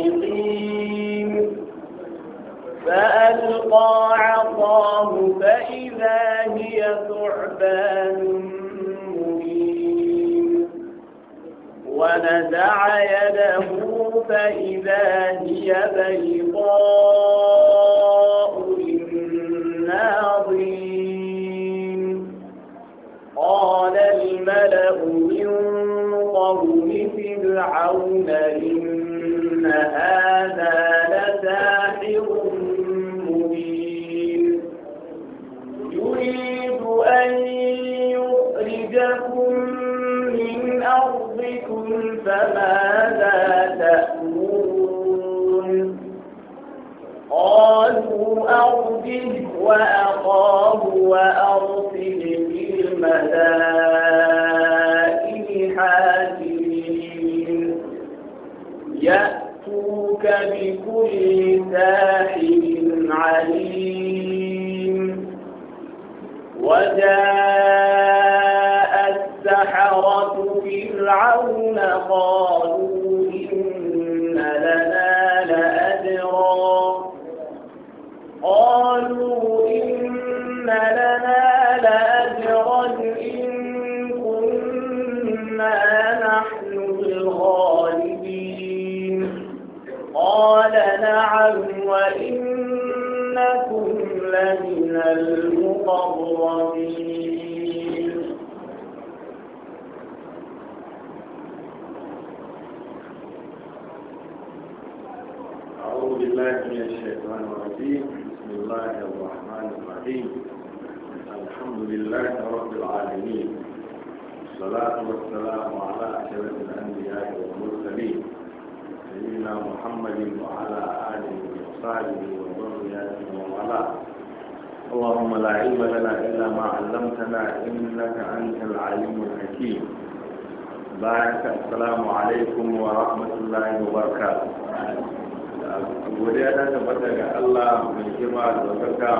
الصادقين فألقى عصاه فإذا هي ثعبان مبين ونزع يده فإذا هي بيضان وأخاه وأرسل في المدائن حاكمين يأتوك بكل ساحر عليم وجاء السحرة فرعون قال لمن المقربين أعوذ بالله من الشيطان الرجيم بسم الله الرحمن الرحيم الحمد لله رب العالمين الصلاة والسلام على أشرف الأنبياء والمرسلين سيدنا محمد وعلى آله وصحبه وذرياته ومن والاه اللهم لا علم لنا إلا ما علمتنا إنك أنت العليم الحكيم بارك السلام عليكم ورحمة الله وبركاته godiya ta tabbata ga Allah mai girma da ɗaukaka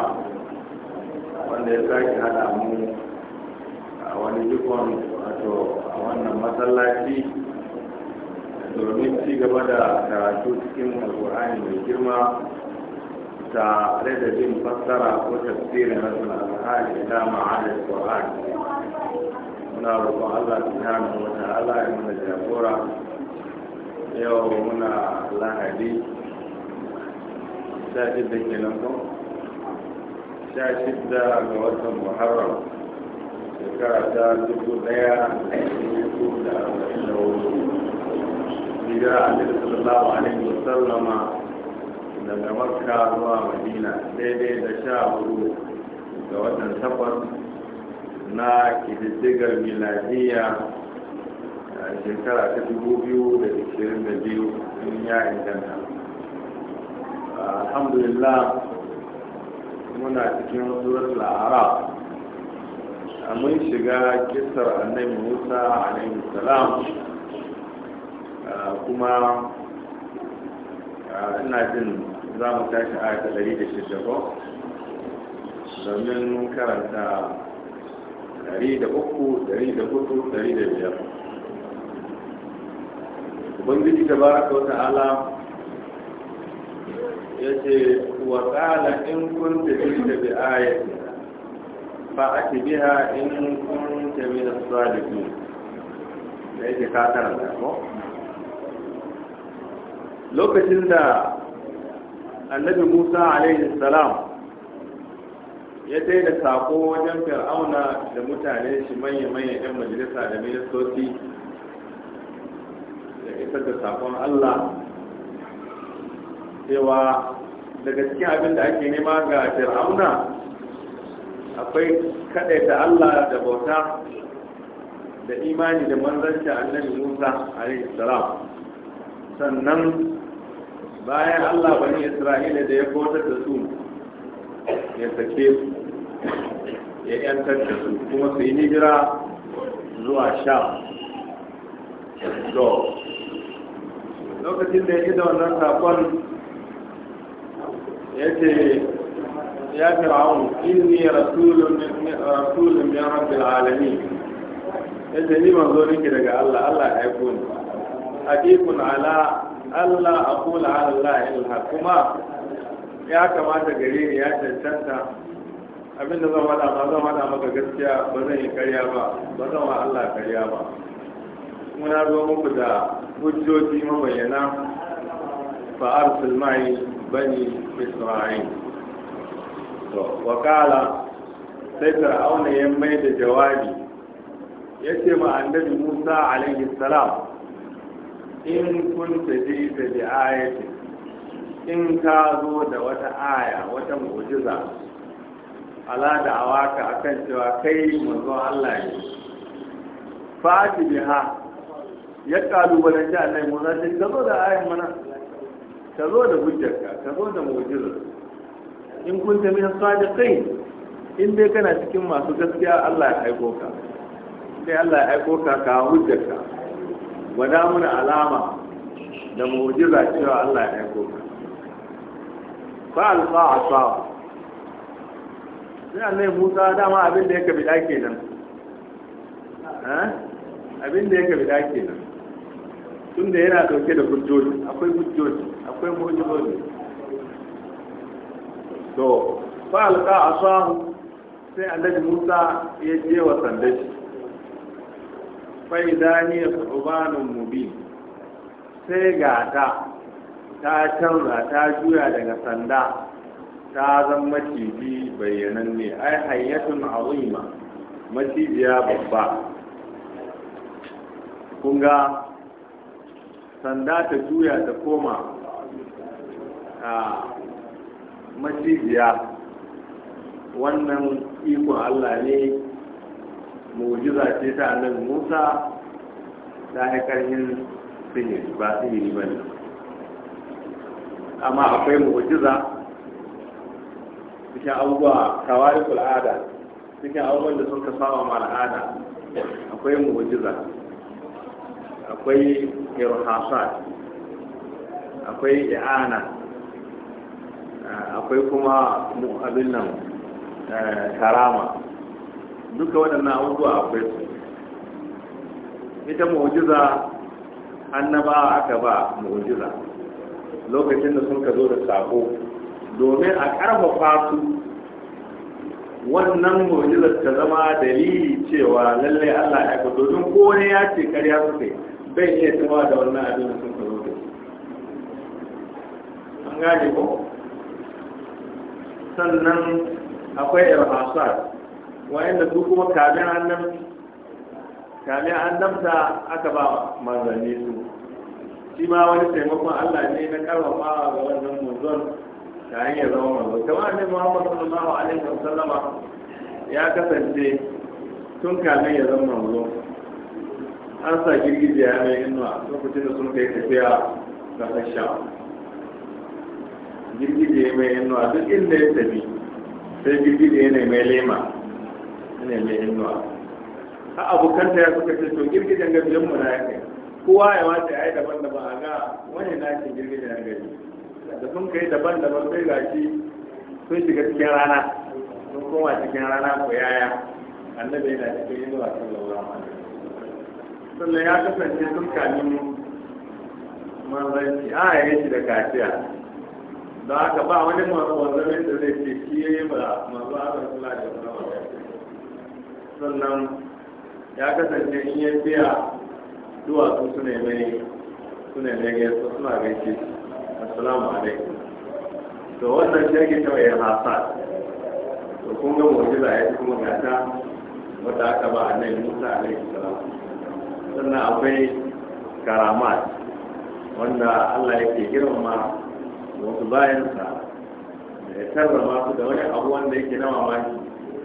wanda ya sake hada mu a wani jikon wato a wannan masallaci domin ci gaba da karatu cikin alkur'ani mai girma tare da jin fassara ko tafsirin rasul alhali ila ma'anar qur'an muna roƙon Allah subhanahu wa ta'ala ya mana jagora yau muna lahadi sha shidda kenan ko sha shidda ga watan muharram shekara ta dubu ɗaya da dubu da arba'in da hudu hijira a cikin sallallahu alaihi wa sallama daga makka zuwa madina daidai da sha hudu ga watan takwas na kididdigar miladiya a shekara ta dubu biyu da ishirin da biyu in ya inganta alhamdulillah muna cikin suratul a mun shiga kisar annabi musa alaihi salam kuma ina jin za mu tashi a ta ɗari da ko? domin mun karanta ɗari da uku ɗari da hudu ɗari da biyar ubangiji da baraka ta ta'ala ya ce wa ƙala in kun ji da bi a ci biya in kun tafi da sadiqin da yake ka karanta ko lokacin da annabi musa alaihi salam ya sai da sako wajen fir'auna da mutane shi manya-manya 'yan majalisa da ministoci da isar da sakon allah cewa daga cikin abin da ake nema ga fir'auna akwai kadaita allah da bauta da imani da manzanci annabi musa alaihi salam sannan bayan Allah bani Isra'ila da ya kotar da su ya sake su ya yantar da su kuma su yi hijira zuwa sha do lokacin da ya ji da wannan sakon ya ce ya ra'un inni rasulun ya min alami ya ce ni manzo nake daga Allah Allah ya aiko ni hadithun ala Allah a kula Allah ilha kuma ya kamata gare ni ya cancanta abinda zan wada ma zan wada maka gaskiya ba zan yi karya ba ba zan wa Allah karya ba muna zo muku da hujjoji mabayyana fa arsil mai bani isra'il to wakala sai fir'auna ya mai da jawabi yace ma annabi Musa alaihi salam in kunta jita bi ayati in ka zo da wata aya wata mu'jiza ala da awaka akan cewa kai manzo Allah ne fati biha ya kalubalanci Allah mu zai ka zo da ayan mana ka zo da hujjarka ka zo da mu'jiza in kun ta min sadiqin in dai kana cikin masu gaskiya Allah ya aiko ka sai Allah ya aiko ka ka hujjarka gwada mana alama da mu'jiza cewa Allah ya aiko ka fa alqa asa sai Allah Musa dama abin da yake bida kenan eh? abin da yake bida kenan da yana dauke da hujjoji akwai hujjoji akwai mu'jizoji to fa alqa asa sai Allah Musa ya je wa sandashi bai zaniyar mu mubi sai gata ta canza ta juya daga sanda ta zan maciji ne ai hayyatun azima macijiya babba kunga sanda ta juya ta koma a macijiya wannan ikon allah ne mu'jiza ce ta nan Musa ta yi karhin sihiri ba sihiri ba ne amma akwai mu'jiza cikin abubuwa kawai kul'ada cikin abubuwan da suka saba ma al'ada akwai mu'jiza akwai irhasat akwai i'ana akwai kuma abin nan eh, karama duka waɗannan abubuwa akwai su ita mu'jiza annaba aka ba mu'jiza lokacin da sun ka zo da sako domin a ƙarfafa su wannan mu'jizar ta zama dalili cewa lalle Allah ya ka domin kowane ya ce karya su yi bai iya tsawa da wannan abin da sun ka zo da an gane ko sannan akwai irhasar wayanda su kuma kamin annabta kamin ta aka ba manzanni su shi ma wani taimakon Allah ne na karfafa ga wannan manzon ta hanyar zama manzo kamar annabi Muhammad sallallahu alaihi wasallama ya kasance tun kamin ya zama manzo an sa girgije ya mai inuwa lokacin da sun kai tafiya ga sasha girgije ya mai inuwa duk inda ya tafi sai girgije ne mai lema ne mai inuwa a abokanta ya suka ce to girgijen gabiyan mu na ya kai kowa ya wata ya yi daban-daban a ga wani na ce girgijen gari da sun kai daban-daban sai gashi sun shiga cikin rana sun koma cikin rana ko yaya annabi yana cikin inuwa laura alaihi sannan ya kasance sun kami manzanci ah, a yi shi da kaciya da haka ba wani manzanci da zai ce shi ya yi ba manzo a kan kula da wani sannan ya kasance in ya biya duwatsu su ne mai su ne mai gaisa suna gaishe assalamu alaikum to wannan shirki ta mai hasa to kun ga mu'jiza ya kuma gata wata aka ba yi Musa alaihi salam sannan akwai karamat wanda Allah yake girmama wasu bayansa ya karrama su da wani abu wanda yake na mamaki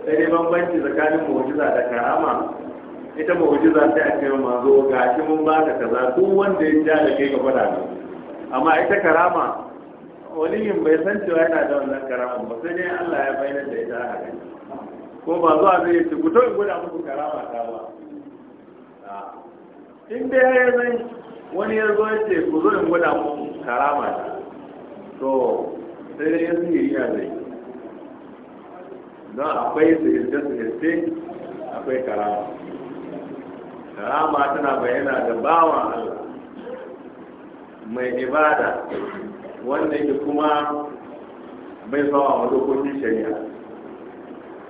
sai dai bambanci tsakanin mu'jiza da karama ita mu'jiza sai a ce ga shi mun ba baka kaza duk wanda ya ja da kai ka faɗa amma ita karama wani yin bai san cewa yana da wannan karama ba sai dai Allah ya bayyana da ita a gani ko ba zuwa zai ce ku to in muku karama ta ba in dai ya zai wani ya zo ya ce ku zo in gwada muku karama ta to sai dai yanzu ya iya zai don akwai sihirce-sihirce akwai karama karama tana bayyana da bawan mai ibada wanda yake kuma bai bawa ma dokokin shari'a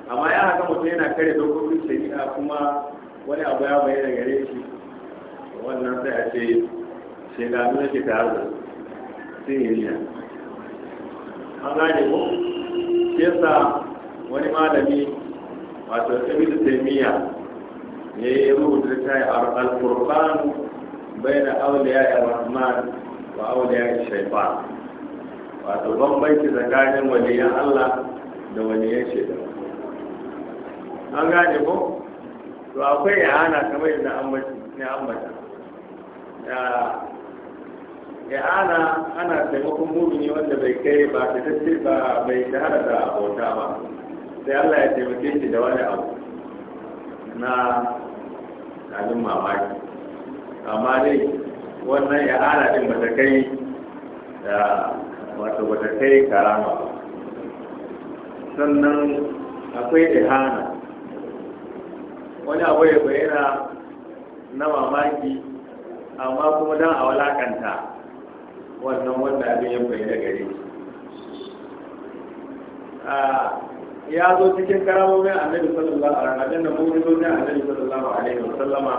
amma ya haka mutum yana kare dokokin shari'a kuma wani abu ya bayyana gare shi wannan sai a ce shekaru na shekaru sun yi an gane ko yasa wani malami wato ibn taymiya ya yi rubuta ta yi al-qur'an bayna awliya ar-rahman wa awliya shaytan wato bambanci tsakanin waliyan Allah da waliyan shaytan an gane ko to akwai ihana kamar yadda an ambata ana ana taimakon mumini wanda bai kai ba ta tace ba bai shahara da bauta ba sai Allah ya taimake shi da wani abu na abin mamaki amma dai wannan ya ana din ba ta kai da wato ba kai karama ba sannan akwai ihana wani abu ya bayyana na mamaki amma kuma don a walakanta wannan wanda abin ya bayyana gare shi ya zo cikin karamomin annabi sallallahu alaihi wasallam da mu'minozin annabi sallallahu alaihi wasallama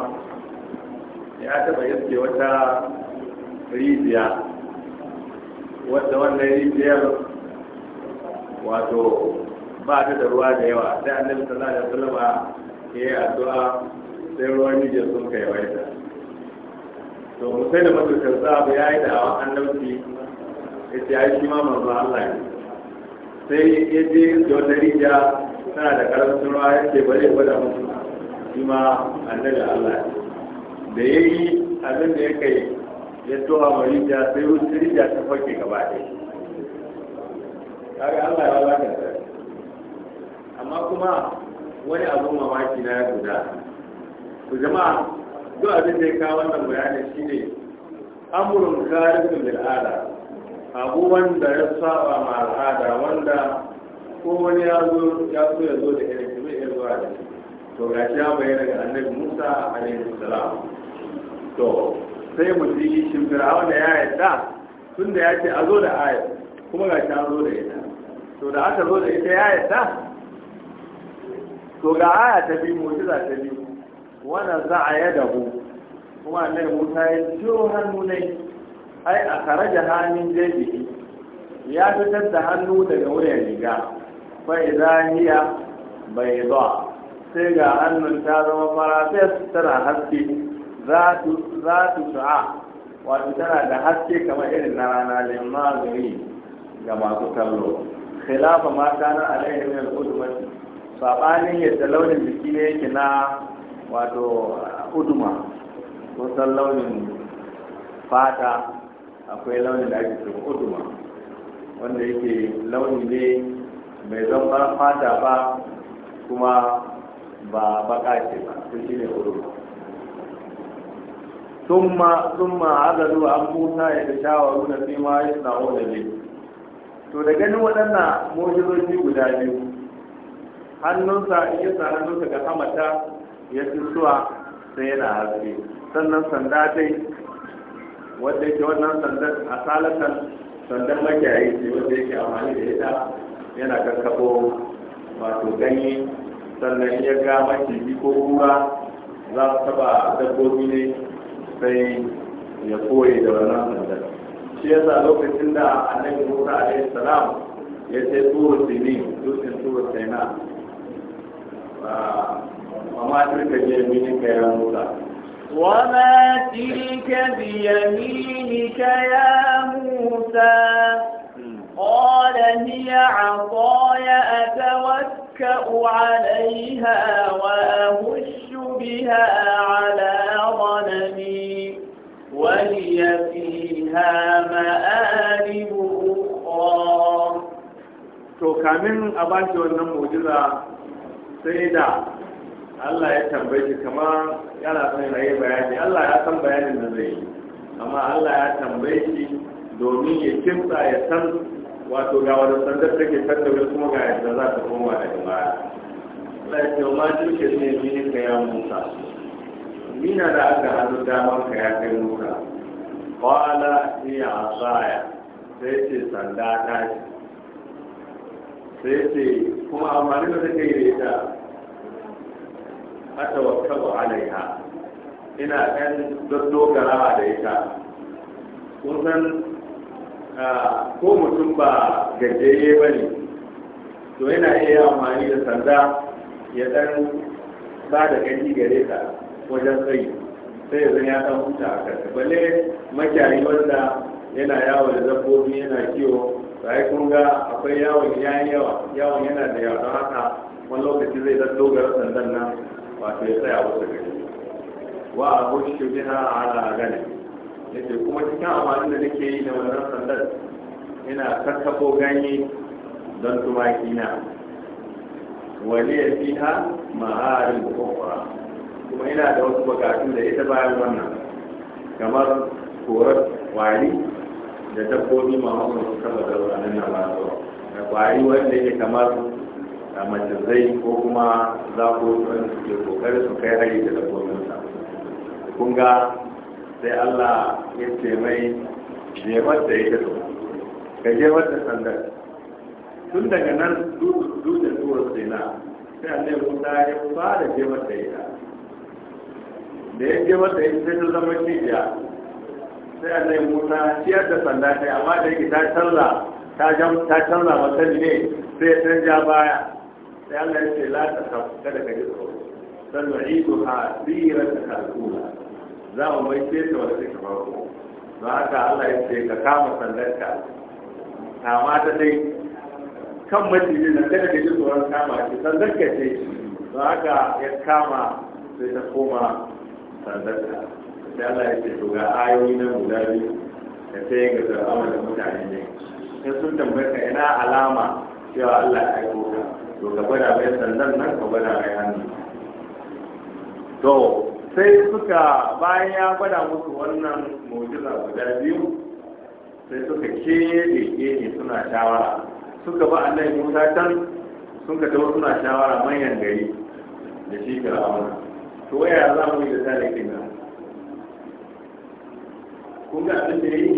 ya taba yake wata rijiya wanda wannan rijiyar wato ba ta da ruwa da yawa sai annabi sallallahu alaihi wasallama ya yi addu'a sai ruwan rijiyar sun kai waita to musai da matukar sabu ya yi da'awa annabci ya ce ai shi ma manzo Allah ne sai ya je da wata rijiya tana da karamin ruwa ya ce bare gwada musu shi ma annabi Allah ne da ya yi abin da ya kai ya towa ma rijiya sai wuce rijiya ta fake gaba ɗaya kaga Allah ya ta amma kuma wani abin mamaki na ya guda ku jama'a duk abin da ya kawo wannan bayanin shi ne amurin karifin al'ada abu wanda ya saba ma al'ada wanda ko wani ya zo ya zo ya zo da irin kuma zai zuwa da shi to ga shi ya bayyana ga annabi musa alaihi salam to sai mu ji shin wanda ya yarda tun da ya ce a zo da aya kuma ga shi an zo da ita to da aka zo da ita ya yarda to ga aya ta biyu mu'jiza ta biyu wani za a yada hu kuma annabi musa ya ciro hannu ne ai a kare da hannun jeji ya fitar da hannu daga wuyan riga bai a bai zo sai ga hannun ta zama farafes tana haske za su sha'a wato tana da haske kamar irin na rana da zuri ga masu kallo khilafa mata na alayhi min al sabanin yadda launin jiki ne yake na wato uduma kusan launin fata akwai launin da ake cewa uduma wanda yake launi ne mai zama fata ba kuma ba baka ce ba sun shi ne uduma Tumma a azalu an kusa ya ta shawaru na fima ya suna wanda ne to da ganin waɗannan mojizoji guda biyu hannunsa iya sa hannunsa ga hamata ya fi suwa sai yana haske sannan sanda dai wadda yake wannan sandar a salatan sandar makiyayi ce wadda yake amfani da ita yana kakkafo wato ganye sannan ya ga maciji ko kura za su taba dabbobi ne sai ya koye da wannan sandar shi yasa lokacin da annabi musa alaihi salam ya ce turu sinin dutsen turu saina ah, وما تلك بيمينك يا موسى وما تلك بيمينك يا موسى قال هي عطايا أتوكأ عليها وأهش بها على غنمي ولي فيها مآرب أخرى to kamin a ba shi wannan mujiza sai Allah ya tambaye shi kama yana son ya yi bayani Allah ya san bayanin da zai yi amma Allah ya tambaye shi domin ya kimsa ya san wato ga wani sandar da ke tattabe kuma ga yadda za ta koma da baya Allah ya ce ma jirke ne mini ka ya Musa mina da aka hannu damar ka ya kai Musa qala hiya asaya sai ce sanda ta sai ce kuma amfani da take yi da ita atawakkalu alaiha ina ɗan dogara da ita kun san ko mutum ba gajeye ba ne to yana iya amfani da sanda ya ɗan ba da ƙarfi gare ta wajen tsayi sai ya ya ɗan huta a kansa balle makiyayi wanda yana yawo da dabbobi yana kiwo sai kun ga akwai yawon yayi yawa yawon yana da yawa haka wani lokaci zai dan dogara sandan nan wato ya tsaya wasu gari wa a ko shi kushi biha ala gani yake kuma cikin amfani da nake yi da wannan sandar ina kakkaɓo ganye don tumaki na wani ya fi ha ma'arin kwakwara kuma ina da wasu bukatu da ita bayan wannan kamar korar kwari da dabbobi mamakon su kaba da ranar na ba da kwari wanda yake kamar da macizai ko kuma za ku suke kokarin su kai rai da dabbobinsa kun ga sai allah ya ce mai jemar da ya so ka jemar da sandar tun daga nan dutsen tuwar sena sai allah musa ya fara jemar da ita da ya jemar da ita sai ta zama cibiya sai allah musa ciyar da sanda sai amma da yake ta canza ta canza masani ne sai ya canja baya sai Allah ya ce la ta kafu kada ka ji tsoro sannu ha sirar ta kalkula za mu mai ce ta wata ta farko don haka Allah ya ce ka kama sandarka kama ta dai kan maciji na kada ka ji tsoron kama shi sandarka ce don haka ya kama sai ta koma sandarka sai Allah ya ce to ga ayoyi na guda biyu ka sai ga zara'ama da mutane ne sai sun tambayar ka ina alama cewa Allah ya aiko to ka gwada mai sandan nan ka gwada mai hannu to sai suka bayan ya gwada musu wannan mujiza guda biyu sai suka keɓe keɓe suna shawara suka ba annabi musa can sun ka tawo suna shawara manyan gari da shi fir'auna to waya za mu yi da tarihi nan kun ga abin da yi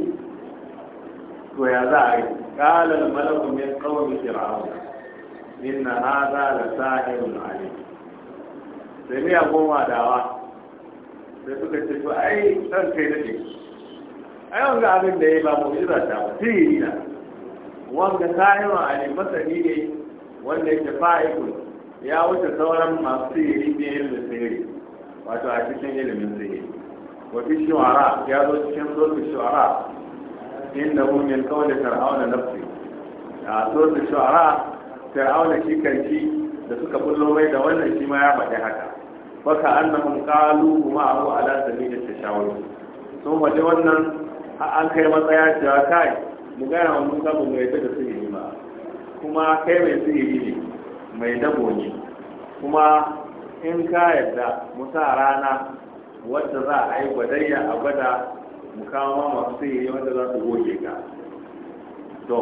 to ya za a yi qala al mai min qawmi fir'auna inna hadha la sahirun alim sai ne agon wadawa sai suka ce to ai dan kai da shi ai wanga abin da yayi ba mu mu'jiza ta ba sihiri na wanga sahirun alim masani ne wanda yake fa'ikun ya wuce sauran masu sihiri ne ilimin sihiri wato a cikin ilimin sihiri وفي الشعراء يا ذو الشمس في الشعراء إنه من قول فرعون نفسه سورة الشعراء fir'auna shi kanci da suka bullo mai da wannan shi ma ya faɗi haka baka annahum qalu ma hu ala sabili tashawur sun faɗi wannan an kai matsaya cewa kai mu gaya wa ka mu mai da sihiri ma. kuma kai mai sihiri ne mai dabo ne kuma in ka yarda musa rana wadda za a yi gwadayya a gwada mu kawo masu sihiri wanda za su goge ka to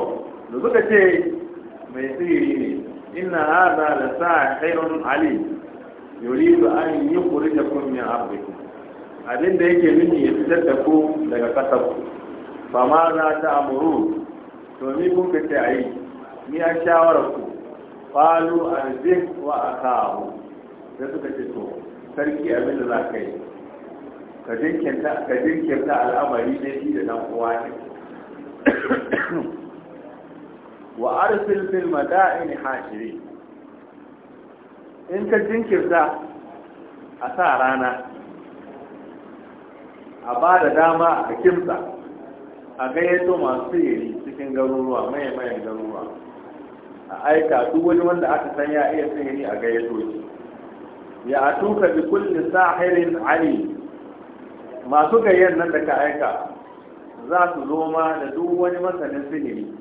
da suka ce mai sihiri ne inna hadha la sahirun alim ba an yi yukhrijakum min ardikum abin da yake nufi ya fitar da ku daga kasar ku ba ma za ta amuru to ni kun ka ce ayi ni a shawarar ku falu arzik wa akahu sai suka ce to sarki abin da za ka yi ka jinkirta al'amari da shi da nan uwa ne wa arsil fil mada'in hashiri in ka jinkirta a sa rana a ba da dama a kimsa a gayyato masu yiri cikin garuruwa mai garuruwa a aika duk wani wanda aka san ya iya sihiri a gayyato shi ya atuka bi kulli sahirin ali masu gayyan nan da ka aika za su zo ma da duk wani masanin sihiri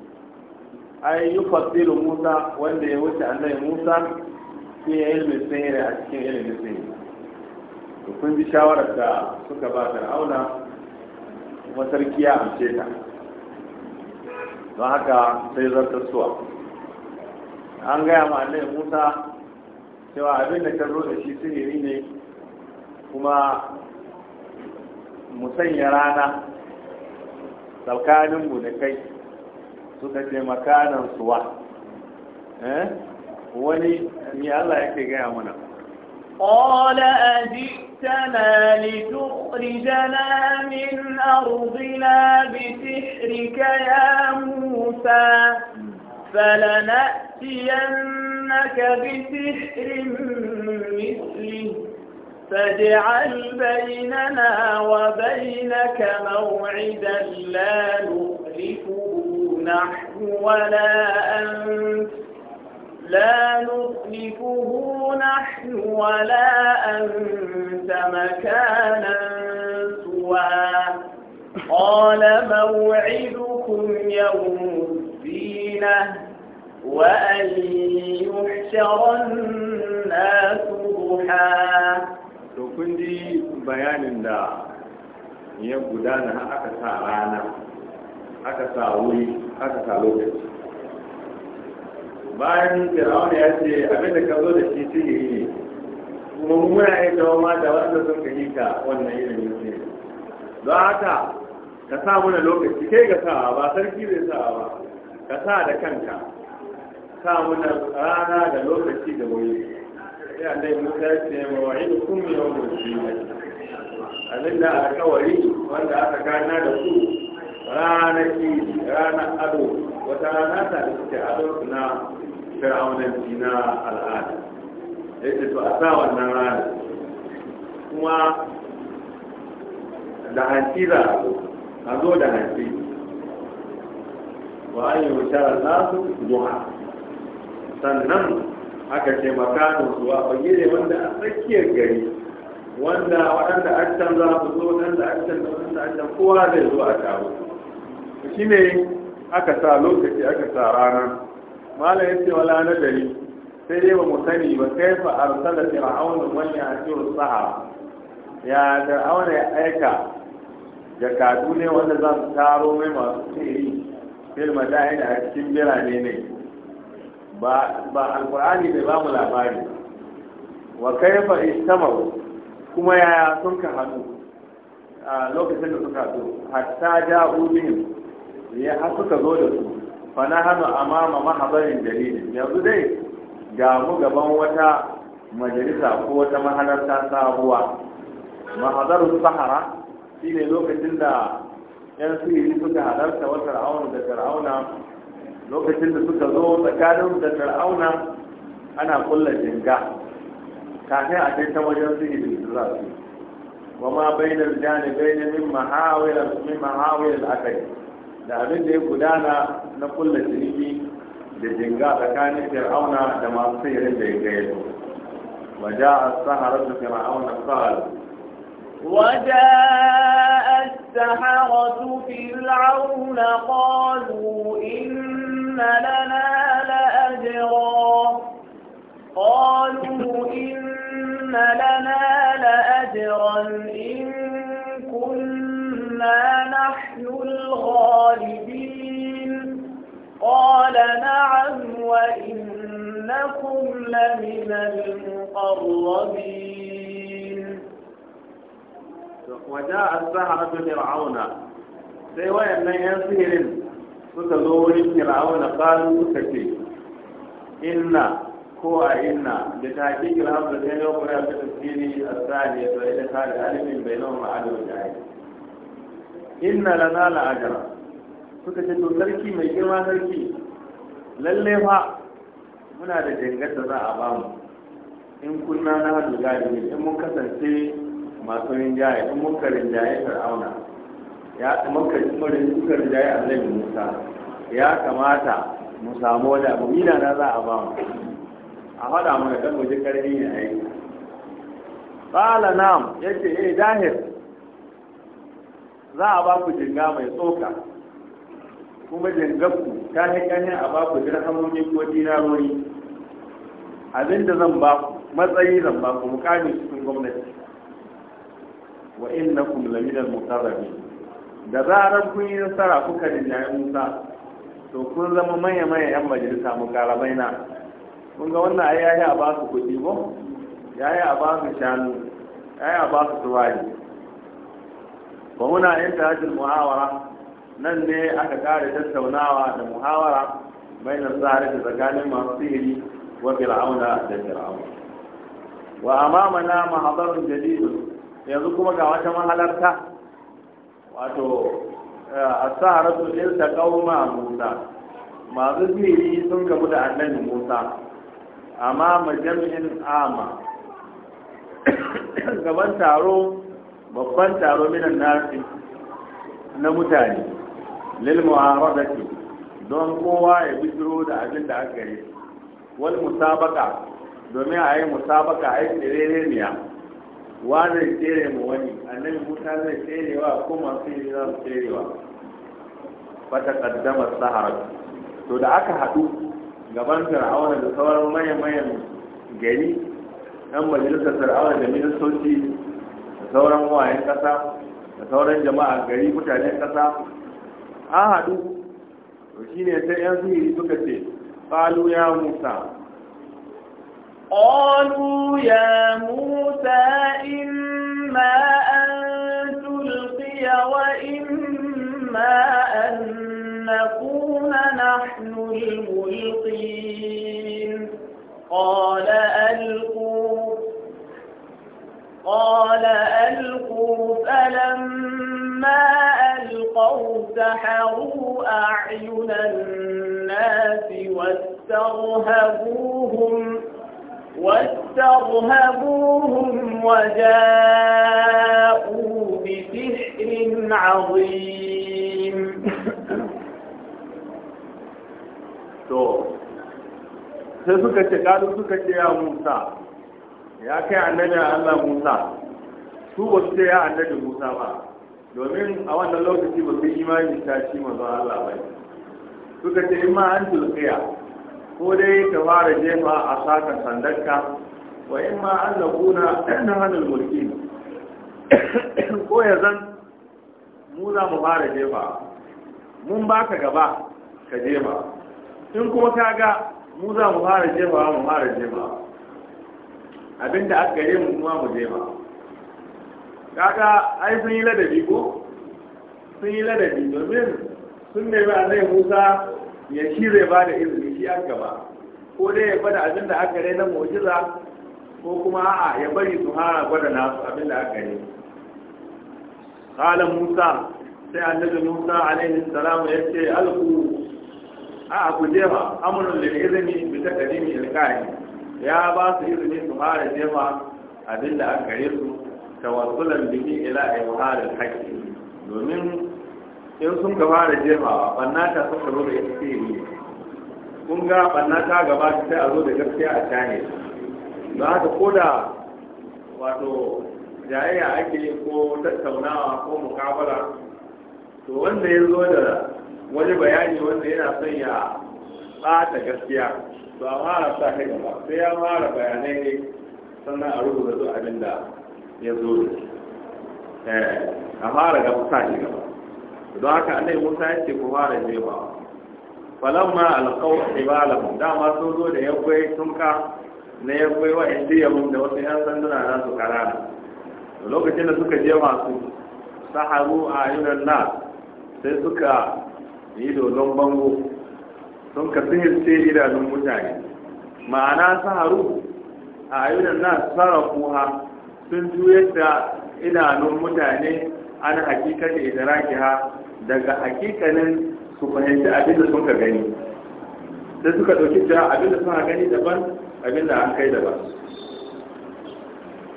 ai yi musa wanda ya wuce annabi musa fi mai sihiri a cikin ilmi sihiri to kun bi shawarar da suka ba fir'auna kuma sarki ya amce ta don haka sai zartar suwa an gaya ma annabi musa cewa abin da kan da shi sihiri ne kuma mu sanya rana tsakaninmu da kai suka ce makanan suwa eh? wani ni Allah yake gaya mana قال أجئتنا لتخرجنا من أرضنا بسحرك يا موسى فلنأتينك بسحر مثله فاجعل بيننا وبينك موعدا لا نخلفه نحن ولا أنت لا نخلفه نحن ولا أنت مكانا سوى قال موعدكم يوم الزينة وأن يحشر الناس ضحى to بيان الله bayanin da أكثر gudana أكثر sa aka sa lokaci bayan fir'aun ya ce abin da ka zo da shi sihiri ne kuma muna iya jawo ma da wanda sun ka ka wannan ilimin ne don haka ka sa muna lokaci kai ga sawa ba sarki zai sawa ba ka sa da kanka sa muna rana da lokaci da wuri ya an dai musa ya ce ma wa'in kun yawon da shi abin da alkawari wanda aka gana da su ranar ranar ado wata rana ta da suke ado na fir'aunanci na al'ada ya ce to a sa wannan rana kuma da hanci za a zo da hanci wa an yi wutar nasu duha sannan aka ce makanin zuwa bagire wanda a tsakiyar gari wanda waɗanda a can za su zo waɗanda a can da waɗanda a can kowa zai zo a taro shi ne aka sa lokaci aka sa rana mala ya ce wala na dari sai dai ba mu sani ba kai fa arsala fir'aun wani asiru saha ya fir'aun ya aika jakadu ne wanda za su taro mai masu tsiri fil madain a cikin birane ne ba alqur'ani ne ba mu labari wa kai fa istamau kuma yaya sun ka hadu a lokacin da suka zo hatta ja'u bihim ya haka suka zo da su fa na a amama mahabarin dalilin yanzu dai ga mu gaban wata majalisa ko wata mahalarta sabuwa mahadarun sahara shine lokacin da yan sirri suka halarta wata ra'auna da fir'auna lokacin da suka zo tsakanin da fir'auna ana kulla jinga kafin a kai ta wajen sirri da za su wa ma bainar janibai ne min mahawir min mahawir al-akai da abin da ya gudana na kulla jirgi da jinga tsakanin fir'auna da masu sayarin da ya gaya su a da fir'auna gayyato وجاء a فرعون su fir'auna السحرة فرعون قالوا إن لنا لأجرا قالوا إن لنا لأجرا in كنا نحن الغالبين قال نعم وإنكم لمن المقربين وجاء السحرة فرعون في سوى من ينصير فتدور فرعون قالوا مستكي إنا هو إنا بتحقيق الأمر الثاني وقرأ في الثاني وإلى خارج ألف بينهم عدو جاهز inna lana la ajra suka ce to sarki mai girma sarki lalle fa muna da dangar da za a ba mu in kunna na hadu gari in mun kasance masu jaye in mun karin jaye fir'auna ya kamata kuma rinjaye rinjaye annabi musa ya kamata mu samu wani abu mina na za a ba mu a faɗa mana kan mu ji karfi ne a yi qala nam yace eh dahir za a ba ku jinga mai tsoka kuma jingabku ta kanya a ba ku dirhamoni ko dinarori abinda zan ba ku matsayi zan ba ku mukamin cikin gwamnati wa innakum Lamidal muqarrabin da zarar kun yi nasara kuka rinjaye musa to kun zama manya manya yan majalisa mukarabai na kun ga wannan ai a ba su kuɗi ko yayi a ba su shanu yayi a ba su turari wa muna yin tahajjul muhawara nan ne aka kare tattaunawa da muhawara na tsari da tsakanin masu sihiri wa fir'auna da fir'auna wa na mahadarun jadidu yanzu kuma ga wata mahalarta wato yin ta kauma a musa masu sihiri sun gabu da annabi musa amma majami'in ama gaban taro babban taro minan nasi na mutane lil mu'aradati don kowa ya bidiro da abin da aka yi wal musabaka domin a yi musabaka a yi ne ya? wa zai tsere mu wani annabi musa zai tserewa ko masu yi zan tserewa fata kaddama sahara to da aka haɗu gaban fir'auna da sauran mayan mayan gari ɗan majalisar fir'auna da ministoci sauran wayan kasa da sauran jama'a gari mutane kasa an haɗu to shine sai yan sihiri suka ce qalu ya musa ya قالوا يا موسى إما أن تلقي وإما أن نكون نحن الملقين سحروا أعين الناس واسترهبوهم واسترهبوهم وجاءوا بسحر عظيم sai suka ce kalu suka ce ya musa ya kai annabi Allah musa su ba su ce ya annabi musa ba domin a wannan lokaci ba su imani ta ci mazo Allah ba suka ce in ma an tulkiya ko dai ka fara jefa a saka sandarka wa in ma an laguna na hannun mulki ko ya zan mu za mu fara jefa mun ba ka gaba ka jefa in kuma ka ga mu za mu fara jefa mu fara jefa abinda aka yi mu kuma mu jefa kaga ai sun yi ladabi ko sun yi ladabi domin sun nemi zai Musa ya shi zai ba da izini shi an gaba ko dai ya bada abin da aka rai na mojiza ko kuma a'a ya bari su hana gwada nasu abin da aka rai kalan Musa sai annabi Musa alaihi salam ya ce alku a ku jefa amurin da izini bi taqdimi al ya ba su izini su fara jefa abin da aka rai su tawassulan bihi ila ihar al-haqq domin in sun ka fara jemawa bannata sun ka zo da yi. kun ga bannata gaba ta sai a zo da gaskiya a shane don haka ko da wato jayayya ake ko tattaunawa ko mukabala to wanda ya zo da wani bayani wanda yana son ya ɓata gaskiya to a mara sa kai gaba sai ya mara bayanai ne sannan a rubuta zuwa abin da ya zo da shi eh, a fara ga musa shi gaba don haka annai musa ya ce ku fara jebawa falamma alqaw hibalahum dama sun zo da yakwai tunka na yakwai wa mun da wasu yan sanduna na su karana lokacin da suka je masu saharu a yunan na sai suka yi dodon bango sun ka ce idanun mutane ma'ana saharu a yunan na sarrafu ha sun juyar da idanun mutane an idara ha daga hakikanin su fahimci abin da sun ka gani sai suka ɗauki da abin da ka gani daban abin da an kai daban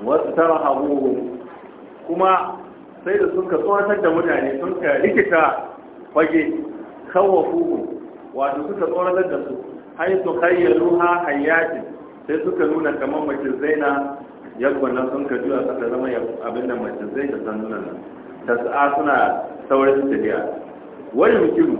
wasu tara hagu kuma sai da sun ka tsoratar da mutane sun ka rikita fage kawo fuhu wato suka tsoratar da su haisu su hayyalu ha hayyatin sai suka nuna kamar mace zaina yadda wannan sun ka a suka zama abin da mace zai ta san nan ta sa'a suna saurin tafiya wani mutum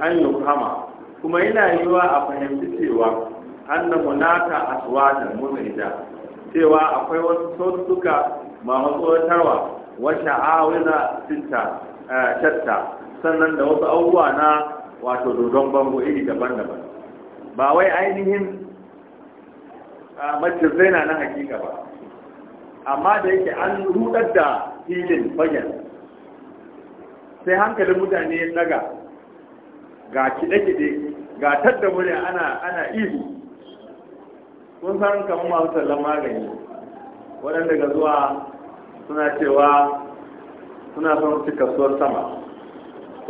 an yi kama kuma yana yiwa a fahimci cewa an na munaka aswatan mumaida cewa akwai wasu sautuka masu tsoratarwa wata awiza sinta eh, shatta sannan da wasu abubuwa na wato dodon bango iri daban-daban ba wai ainihin ah, mace zaina na hakika ba amma da yake an rudar da filin bayan sai hankalin mutane ya daga ga kiɗe-kiɗe ga tadda wurin ana ana ihu kun san kamar masu tallan magani waɗanda ga zuwa suna cewa suna son su kasuwar sama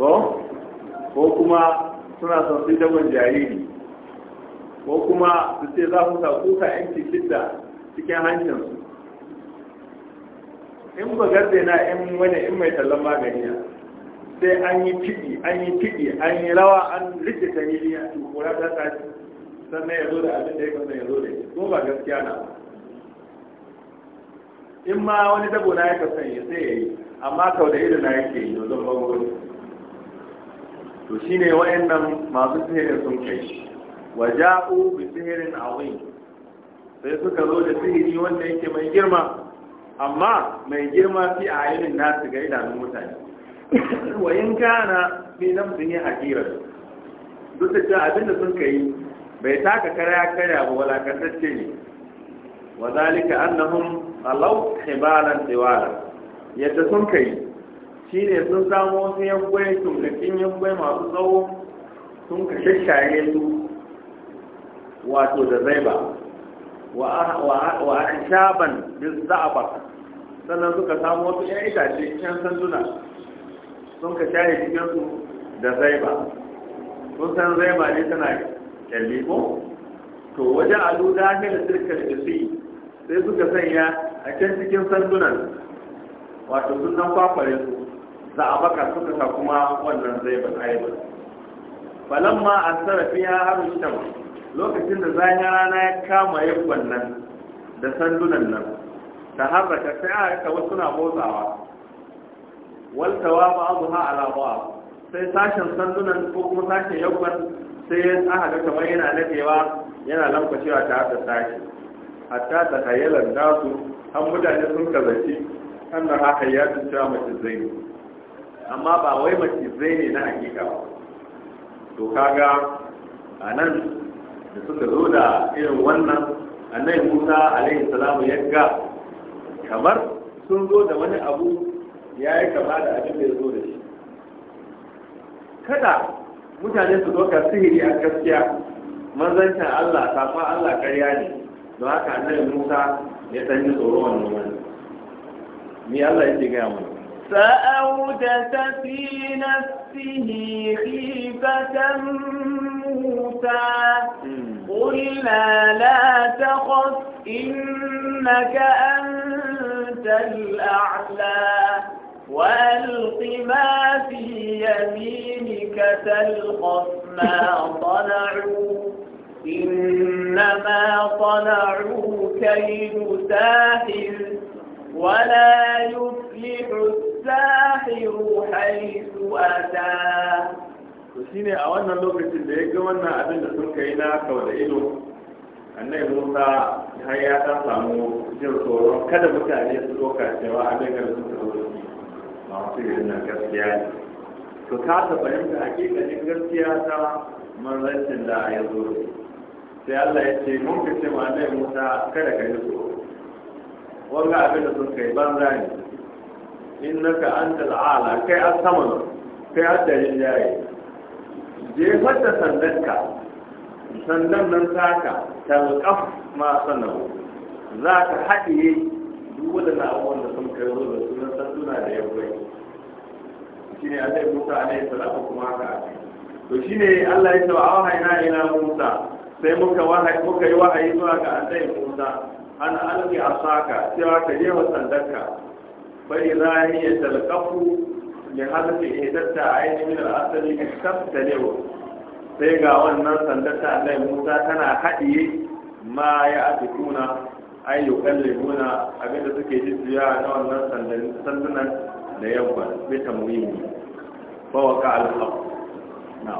ko ko kuma suna son su dagon jariri ko kuma su ce za su sa kuka yanki shidda cikin hancinsu in ba garde na in wani in mai tallan magani ya sai an yi kiɗi an yi kiɗi an yi rawa an rike ta yi liya kura ta tashi sannan ya zo da abin da ya kasa ya zo da ya kuma ba gaskiya na ba in ma wani dabo na ya kasan ya sai ya yi amma kau da irin na yake yi yanzu ba wani to shine wa'annan masu sihirin sun kai ja'u bi sihirin azim sai suka zo da sihiri wanda yake mai girma amma mai girma fi a na su ga idanun mutane wa in kana fi namsin yi hakirar duk da cewa abinda sun kai bai taka karya karya ba walakantacce ne wa zalika annahum alau khibalan tiwala yadda sun kai shine sun samu wasu yankwai tumlakin yankwai masu tsawo sun ka shashaye su wato da ba wa an bin za'abar sannan suka samu wasu 'yan itace can sanduna sun ka shaye cikinsu da zaiba sun san zaiba ne tana kyalli ko to waje alu dahil sirkar isi sai suka sanya a can cikin sandunan wato sun nan kwakware su za'abaka suka sa kuma wannan zaiba ayyabar falamma an sarrafi ya haru shi lokacin da zahin rana ya kama yankwan nan da sandunan nan ta harraka sai a rika wasu na motsawa waltawa abu ha alawa sai sashen sandunan ko kuma sashen yankwan sai ya aka ga kamar yana nadewa yana lankwacewa ta haka sashi hatta ta hayyalar nasu an mutane sun kazaci kan da haka ya cewa mace zai amma ba wai mace zai ne na hakika ba to kaga a nan da suka zo da irin wannan nai Musa alaihi salamu ya ga kamar sun zo da wani abu ya yi kama da abin da ya zo da shi kada mutane su doka sihiri a gaskiya manzancin Allah safa Allah karya ne don haka nai Musa ya san tsoro wannan wani ni Allah ya yake gaya mana فأوجس في نفسه خيفة موسى قلنا لا تخف إنك أنت الأعلى وألق ما في يمينك تلقف ما صنعوا إنما صنعوا كيد ساحر ولا يفلح الساحر حيث أتى shine a wannan lokacin da ya ga wannan abin da sun kai na kawai da ido annai musa har ya ta samu jin tsoron kada mutane su doka cewa abin da sun kawo da shi masu irin nan gaskiya ne to kasa fahimta hakikalin gaskiya ta manzancin da ya zo sai Allah ya ce mun ka ce ma annai musa kada ka yi tsoro wanga abin da sun kai banza ne in naka an tal'ala kai a saman kai a darin jaye jefar da sandanka sandan nan taka talqaf ma sanau za ka haɗiye duk na abubuwan da sun kai zuwa sunan sanduna da yawai shi ne allah musa alaihi salatu kuma haka a to shi ne allah ya ce wa haina ina musa sai muka yi wahayi zuwa ga annabi musa an alƙi asaka cewa ka yi jefa sandarka bai za a iya talƙafu da halƙi hidatta a ainihin al'asali kaftalewa sai ga wannan sandarta allai musa tana haɗiye ma ya afikuna ai yi kallemuna abinda suke ji jujjuya na wannan sandunan da yamma bai tamwimi fawaka al-haq na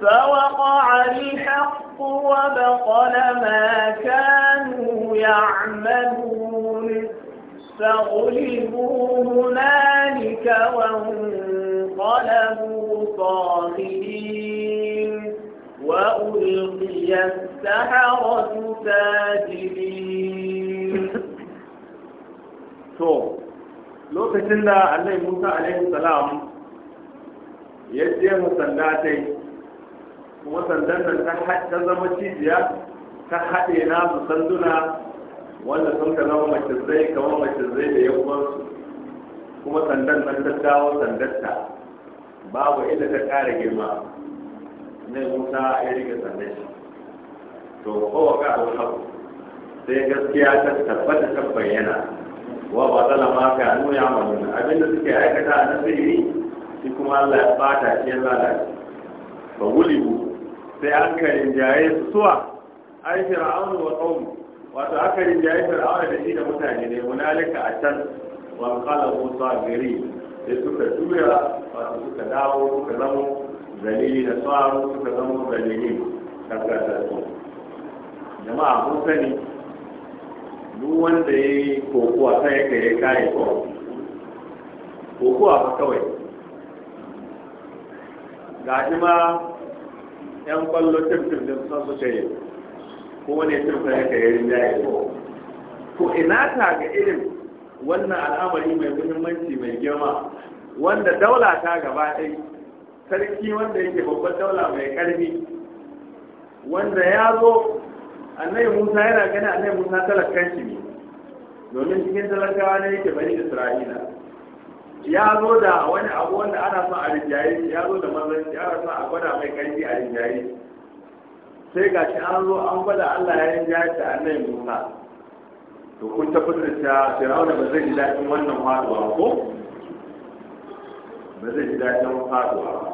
sawaqa al-haq وبطل ما كانوا يعملون فغلبوا هنالك وانقلبوا صاغرين وألقي السحرة ساجدين lokacin da annabi Musa alaihi salam ya je kuma sandan nan ta zama cibiya ta haɗe na su sanduna wanda sun ka zama macizai mace macizai da yawansu kuma sandan nan ta dawo sandarta babu inda ta ƙara girma ne musa ya riga sandar shi to kowa ka abu haku sai gaskiya ta tabbata ta bayyana wa ba zala ma ka nuna nuna abinda suke aikata a nasiri shi kuma Allah ya bata shi ya lalace ba gulibu sai aka rinjaye su suwa ai fir'aunu wa qawmu wato aka rinjaye fir'auna da shi da mutane ne hunalika a can wa qala musa gari sai suka tura wato suka dawo suka zama zalili da tsaro suka zama zalili tabbatattu jama'a kun sani duk wanda ya yi kokowa sai ya kai kare ko kokowa fa kawai ga ma yan kwallo tiftin din sun su ce kuma ne tiftin ya kai yin Ko ko ina ta ga irin wannan al'amari mai muhimmanci mai girma wanda daula ta gaba ɗai sarki wanda yake babban daula mai ƙarfi wanda ya zo annai musa yana gani annai musa talakan shi ne domin cikin talakawa ne yake bari isra'ila ya zo da wani abu wanda ana son a rinjaye ya zo da ya ana son a gwada mai karfi a rinjaye sai ga shi an zo an gwada allah ya rinjaye da nan musa to kun tabbatar da fir'auna ba zai ji daɗin wannan faduwa ko ba zai ji daɗin faduwa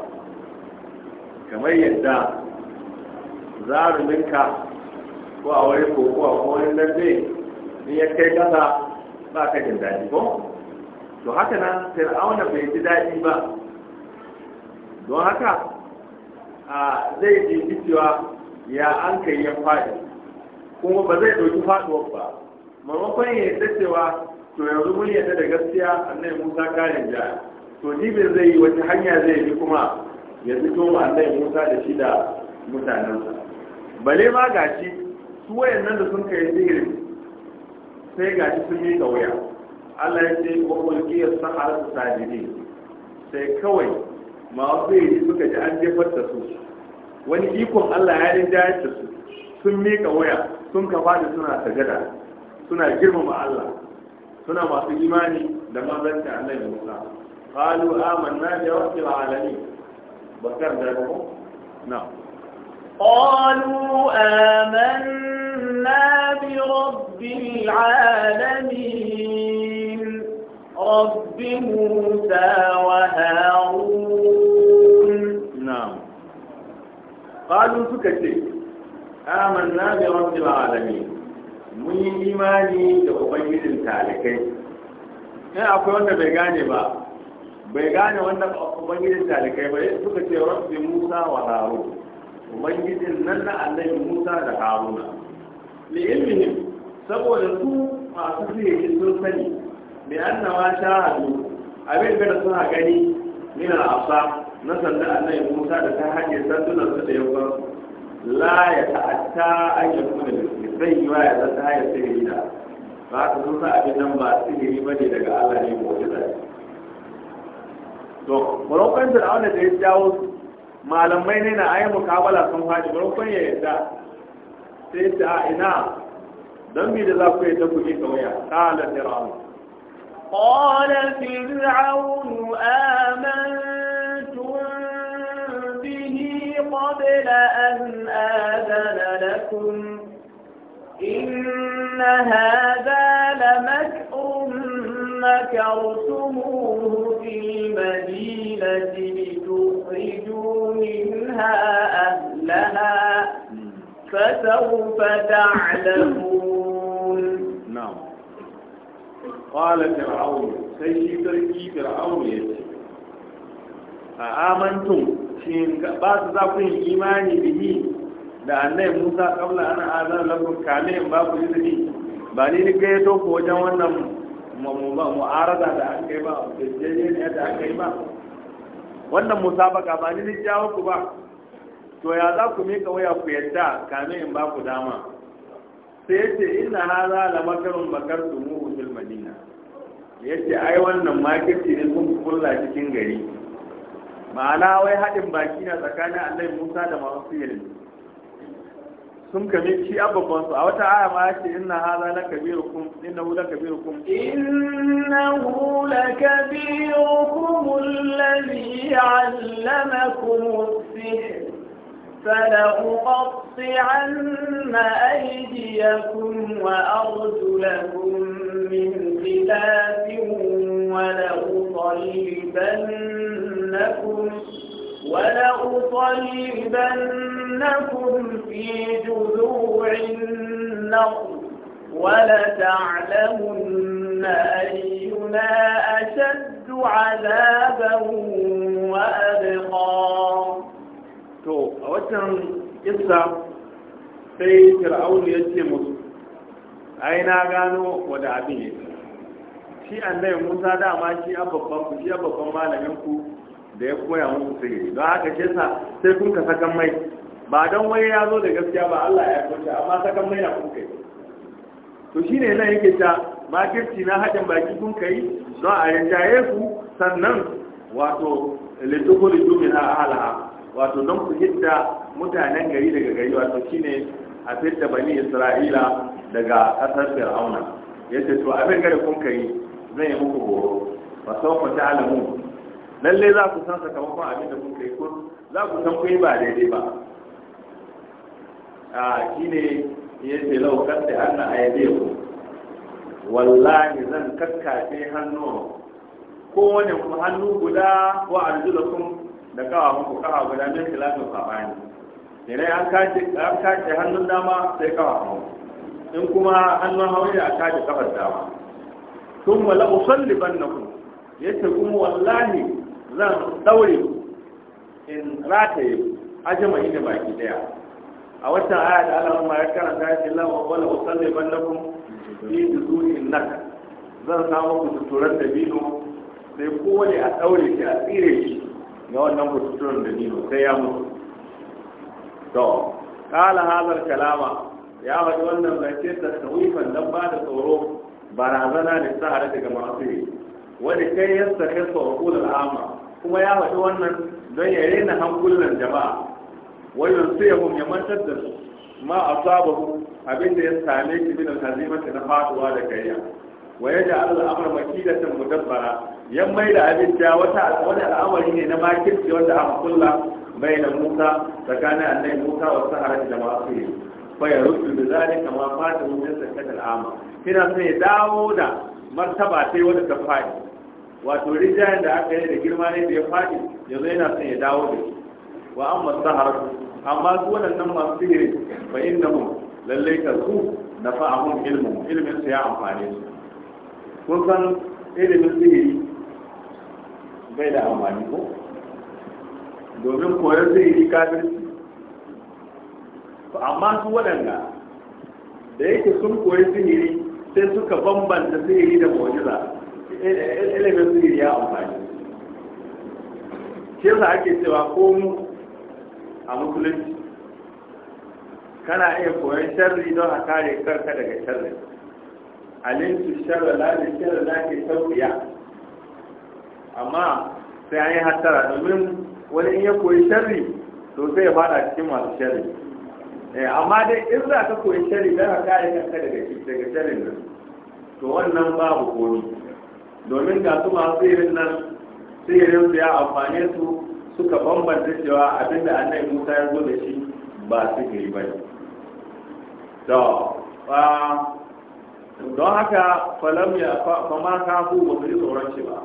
kamar yadda zaruminka ko a wani kokowa ko wani lalle in ya kai kasa ba ka jin daɗi ko to haka nan fir'auna bai ji daɗi ba don haka zai ji cewa ya an kai ya faɗi kuma ba zai ɗauki faɗuwar ba maimakon ya yarda cewa to yanzu mun yarda da gaskiya annabi musa karin ja to ni bai zai yi wata hanya zai bi kuma ya fito ma annabi musa da shi da mutanensa bale ma gashi su wayannan da sun kai sihiri sai gashi sun yi wuya Allah ya ce ulkiyar sahara su sajidi sai kawai masu yi suka ji an jefar da su wani ikon allah ya rinjayar da su sun miƙa waya sun kafa da suna sajada suna girmama allah suna masu imani da manzanci annabi musa qalu amanna bi wasu alamin bakar da ko na qalu amanna bi rabbil alamin رب موسى وهارون نعم قالوا سكتي آمنا برب العالمين mun yi imani da ubangijin talikai in akwai wanda bai gane ba bai gane wanda ubangijin talikai ba suka ce rabbi musa wa harun ubangijin nan na annabi musa da haruna li ilmihim saboda su masu sihiri sun sani bi annama shahadu abin da suna gani min al-asa na sanda annabi Musa da ta hanyar sandunan su da yawan la ya ta'atta an yi kuma da zai yi wa ya ta hanyar sirri da ba ka sun sa abin nan ba sirri ba ne daga Allah ne ko ta zai to marokon da wanda da ya jawo malamai ne na ayi mukabala sun haji marokon ya yadda sai ta ina don bi da za ku yi ta kuɗi kawai Ta ƙalar fir'aun قال فرعون آمنتم به قبل أن آذن لكم إن هذا لمكر مكرتموه في المدينة لتخرجوا منها أهلها فسوف تعلمون qala fir'aun sai shi sarki fir'aun ya ce a amantum shin ba su za ku yin imani bihi da annai Musa kabla ana azan lakum kamin ba ku izini ba ni ni gayyato ku wajen wannan mu'arada da aka yi ba jejjeniya da aka yi ba wannan musabaka ba ni ni jawo ku ba to ya za ku mika waya ku yadda kamin in ba ku dama sai ya ce ina haza la makarun makar su mu usul madina ya ce ai wannan makirci ne sun kulla cikin gari ma'ana wai haɗin baki na tsakanin allai musa da masu sihirin sun kame shi abubuwan su a wata aya ma yace inna hadha la kabirukum innahu la kabirukum innahu Kabiru, kabirukum alladhi 'allamakum as-sihr فلأقطعن أيديكم وأرجلكم من خلاف ولأصلبنكم ولأصلبنكم في جذوع النخل ولتعلمن أينا أشد عذابا وأبقى to a watan kissa sai fir'aunu ya ce musu ai na gano wada abin ya shi dai musa dama shi a babban ku shi a babban malamin ku da ya koya musu sai don haka ke sa sai kun ka sakan mai ba don wai ya zo da gaskiya ba allah ya kunce amma sakan mai na kun kai to shi ne nan yake ta makirci na haɗin baki kun kai don a rinjaye ku sannan wato litukuli na ha'alaha wato don ku hidda mutanen gari daga gari wato shine a fitta bani isra'ila daga kasar fir'auna yace to abin gari kun kai zai yi muku horo fa ta alamu lalle za ku san sakamakon abin da kun kai kun za ku san kun yi ba daidai ba a shine yace lau kadda anna ku. wallahi zan kakkace hannu ko wani hannu guda ko arjulakum da kawo muku kawo guda min khilafin sabani kenan an kace an kace hannun dama sai kawo hau in kuma hannun hau ya a kace kafar dama na ku. Ya ce kuma wallahi zan daure in rataye ajama da baki daya a wata aya da Allah ma ya karanta ya ce la wala usallibannakum da zuri nak zan samu ku tuturan dabino sai kowane a daure shi a tsire shi ne wannan bututun da nilo sai ya mutu to kala hazar kalama ya faɗi wannan zance da tawifan dan ba da tsoro barazana da sahara daga masu yi wani kai ya sake tsoro al'ama kuma ya faɗi wannan don ya rena hankulan jama'a Wannan sai ya mantar da su ma asabahu abinda ya same shi bin al na faduwa da kariya wa yaj'al al-amra makidatan mudabbara yan mai da abin wata wani al'amari ne na da wanda aka kulla mai da musa tsakanin annabi musa wa sahara da su yi fa ya za da zalika kama fata mun sakata al'ama kina so ya dawo da martaba sai wani ta fadi wato rijayen da aka yi da girma ne da ya fadi yanzu yana son ya dawo da shi wa amma sahara amma su waɗannan masu sihiri fa mu lallai ka su nafa'ahum ilmu ilmin su ya amfane su kun san ilimin sihiri bai da amfani ko domin koyon zai yi su. amma su waɗanda da yake sun koyi sihiri sai suka bambanta sihiri da mu'jiza ilimin sihiri ya amfani ke za ake cewa komu a musulunci kana iya koyon sharri don a kare karka daga sharri su sharri la da sharri la ke amma sai an yi hattara domin wani in ya koyi sharri to zai fada cikin masu sharri eh, amma dai in za ka koyi sharri za ka kare kanka daga daga sharrin nan to wannan babu komi domin ga su masu sihirin nan sihirin su ya amfane su suka bambanta cewa abinda annabi Musa ya zo da shi ba sihiri ba ne don haka falam ya fama kafu ba su yi tsoron shi ba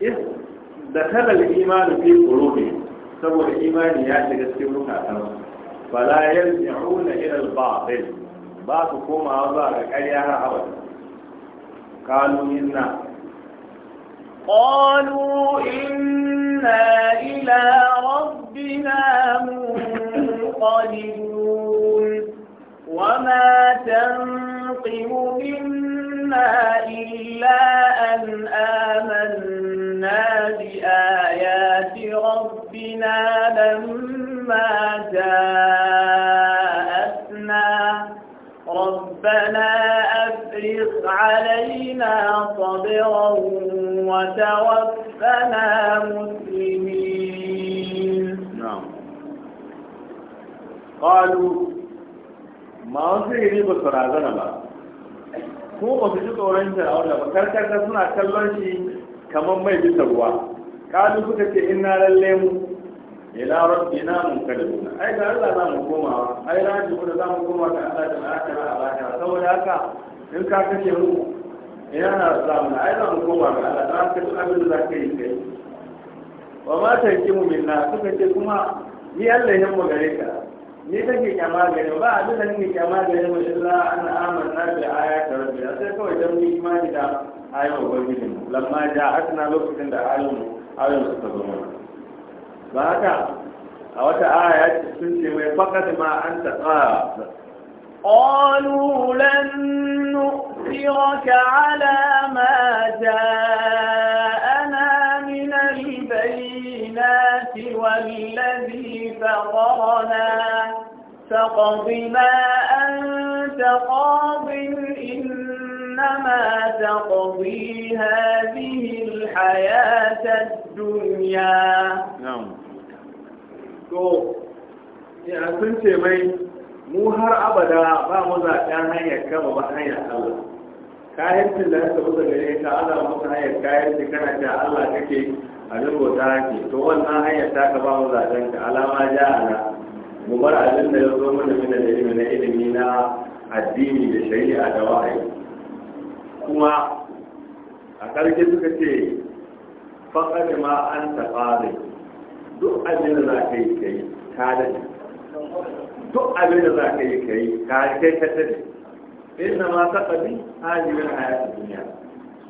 is da kalar imanu fi ƙurobe saboda imani ya shiga cikin rukatansu fala yarji'una ila al-batil ba su komawa ba ga ƙarya har abada qalu inna qalu inna ila rabbina munqalibun وما تنقم منا إلا أن آمنا بآيات ربنا لما جاءتنا ربنا أفرغ علينا صبرا وتوفنا مسلمين نعم قالوا ما في هي بعد kuma ba su ji tsoron fir'auna ba karkata suna kallon shi kamar mai bisa ruwa kalu suka ce inna lalle mu ila rabbina munqalibuna ai ga Allah za mu koma ai raji mu da za mu koma ga Allah da akara alaka saboda haka in ka kace mu ina na zamu ai za mu koma ga Allah za ka ci abin da za ka yi kai wa ma mu minna suka ce kuma ni Allah ya mu gare ka ni kake kyama gare ba abin da nake kyama gare mu illa an amanna bi ayati rabbina sai kawai dan mu imani da ayoyin ubangiji mu lamma ja'atna lokacin da ayoyin ayoyin suka zo mana ba haka a wata aya sun ce mai fakat ma an taqa قالوا لن نؤثرك على ما جاء والذي فقرنا فقض ما أنت قاض إنما تقضي هذه الحياة الدنيا نعم يا كنت مين مو هر أبدا ما مزا كان هيا كما بحيا الله kayancin da aka musu gare ka ana musu hanyar kayanci kana da Allah kake abin bauta ake to wannan hanyar ta ka ba mu zaben ka alama ja ana mu bar abin da ya zo mana mina da ilimi na ilimi na addini da shari'a da wahayi kuma a ƙarshe suka ce faƙaɗe ma an taɓa zai. duk abin da za ka yi ka yi ka dade duk abin da za ka yi ka yi ka kai ka dade inna ma taqabi hali al-hayat ad duniya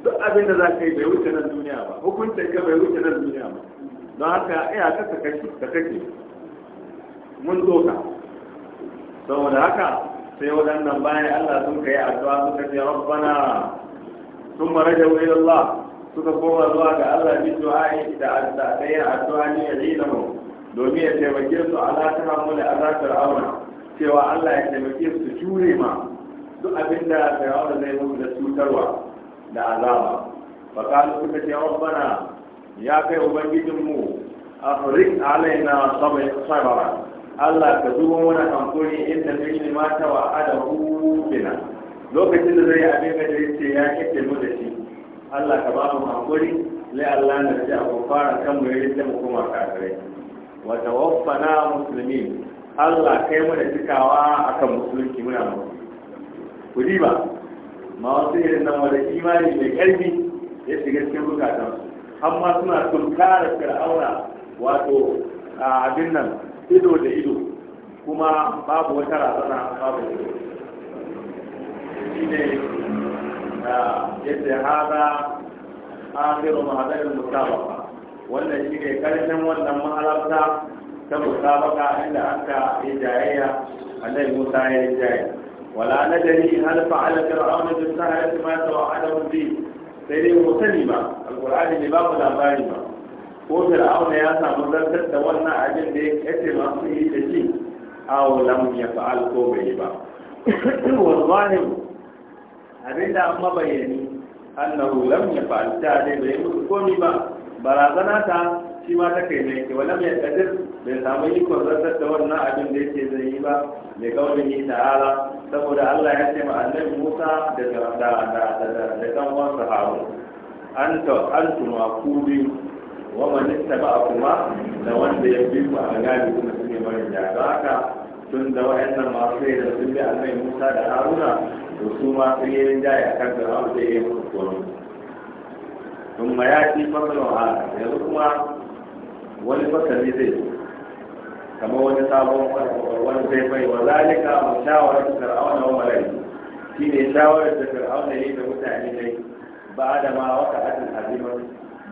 duk abin da zaka yi bai wuce nan duniya ba hukuncin ka bai wuce nan duniya ba don haka iya ka kake ta kake mun ka saboda haka sai waɗannan bayan Allah sun kai addu'a suka ce rabbana sun maraja wuri Allah suka koma zuwa ga Allah bi du'a da addu'a ɗaya addu'a ne ya rina mu domin ya taimake su ala ta da azabar auna cewa Allah ya taimake su jure ma duk abin da fir'auna zai mutu da cutarwa da azaba fa kalu suka ce rabbana ya kai ubangijin mu afrik alaina sabara Allah ka zuba mana hankuri inda yi mata wa wa'adahu bina lokacin da zai abin da ce ya kike mu da shi Allah ka ba mu hankuri lai Allah na ji a fara kan mu yayin da mu koma kafirai wa tawaffana muslimin Allah kai mu da cikawa akan musulunci muna ku riba ma wasu irin nan wanda imani mai ƙarfi ya shiga cikin bukatansu amma suna sun kare fir'aura wato abin nan ido da ido kuma babu wata razana babu shi ne yadda haza akhiru mahadarin musabaqa wannan shi ne karshen wannan mahalarta ta musabaqa inda aka yi jayayya annabi Musa ya yi jayayya wala nadari hal fa'ala fir'aun bi sahati ma tawa'adahu bi sai dai mu sani ba alqur'ani ne babu labari ba ko fir'aun ya samu zartar da wannan abin da ya kace ma su yi da shi aw lam yaf'al ko bai ba wal zahir abin amma dai bai musu komi ba barazana ta shi ma ta kai ne wani wala mai kadir bai samu ikon zartar da wannan abin da yake zai yi ba mai kaunin yi ta'ala saboda Allah ya ce ma annabi Musa da da da da kan wansa Harun An antuma ku biyu wa man ittaba kuma da wanda ya bi ku a gani kuma shine mai da haka tun da wayannan masu yi da sun bi annabi Musa da Haruna to su ma sun yi rinjaya kan da wanda ya yi musu tsoro ثم ياتي فصل هذا يذكر wani fasali zai zo kama wani sabon wani zai bai wa zalika mu shawarar da fir'auna wa malai shi ne shawarar da fir'auna ne da mutane ne ba da ma wata hadin azimar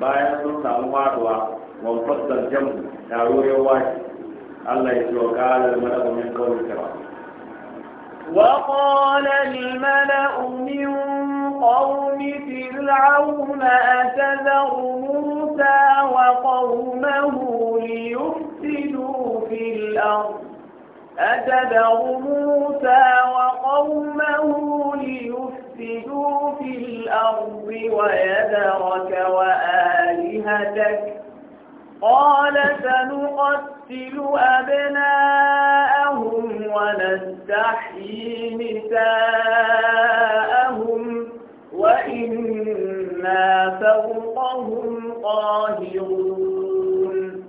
bayan sun samu faruwa wa fassal jamu taro ya wace Allah ya ce wa kalar mala'u min kawai fir'auna وقال الملأ من قوم فرعون أتذر موسى وقومه ليفسدوا في الأرض أتذر موسى وقومه ليفسدوا في الأرض ويذرك وآلهتك قال سنقتل أبناءهم ونستحيي نساءهم وإنا فوقهم قاهرون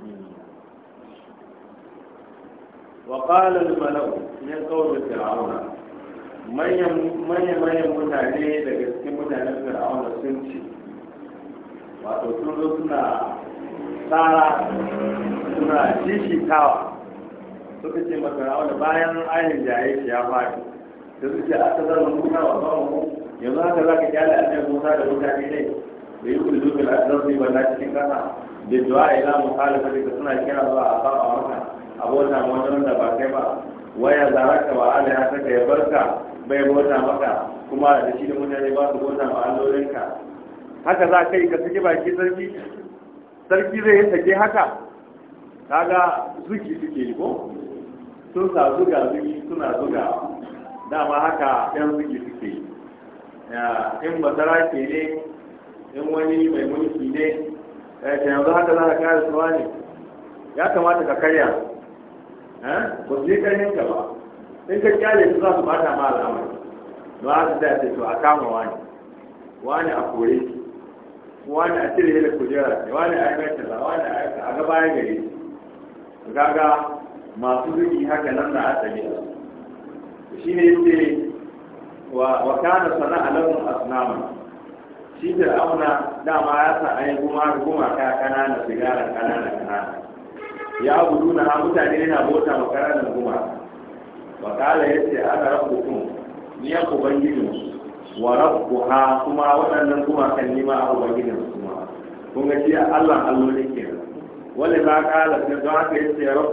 وقال الملأ من قوم فرعون manya-manyan mutane daga cikin mutanen fir'auna sun ce wato sun zo suna tsara suna shishitawa suka ce masara'una bayan ayin jaye shi ya faɗi da suke a tazar musa wa mamu yanzu haka za ka kyale annabi musa da mutane ne da yi kudu zuwa da su yi balla cikin kasa da duwa ila mukhalifa da suna kira zuwa a ba a bota abota wannan da ba kai ba waya zaraka wa ala ya saka ya barka bai bota maka kuma da shi da mutane ba su bota ma allolinka haka za ka yi ka saki baki sarki sarki zai yi sake haka kaga zuki suke ko sun sa zuga zuki suna zugawa dama haka yan suke suke in basara ke ne in wani mai mulki ne da eh, yanzu haka za ka kare suwa ne ya kamata ka karya ba su yi karyar ka ba in ka kyale su za su bata ma al'amari don su da ce to a kama wani wani a kore wani a cire da kujera ne wani a yi ba wani a gaba ya gare gaga masu zuki haka nan da asali shi ne yake wa kana sana'a lahum asnama shi auna dama ya sa ai kuma kuma ka kanana sigara kanana kanana ya gudu na mutane yana bota ma kananan kuma wa kala yace ana rabbukum ni ya ubangijin wa ha kuma waɗannan kuma kan nima a ubangijin kuma kun ga shi Allah alloli ke wala ba kala sai don haka yace ana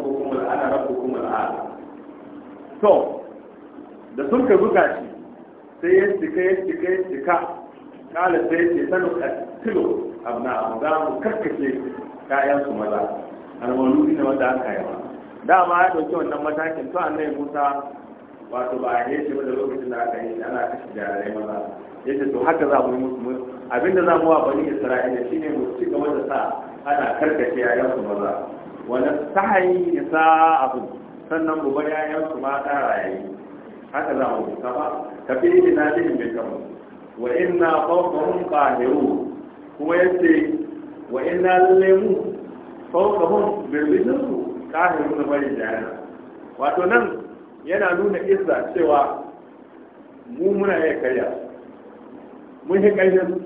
rabu kuma al'ana to da sun ka buga shi sai ya cika ya cika ya cika kala sai ya ce sanu katilo abna za mu karkace kayan su maza almalu ne wanda aka yawa dama ya dauki wannan matakin to annabi Musa wato ba a yi shi ba da lokacin da aka yi shi ana da jarirai maza ya ce to haka za mu yi musu abinda za mu wa bani isra'ila shine mu ci gaba da sa ana karkace yayan su maza wala sahayi nisa abu sannan mu bar yayan su mata rayayi haka za mu ka ba ka fi yi na bin mai kama wa inna fawqahum qahiru kuma ya ce wa ina inna lillemu fawqahum birbidin kahiru na bari jahannam wato nan yana nuna isa cewa mu muna yi karya mun yi ƙarfin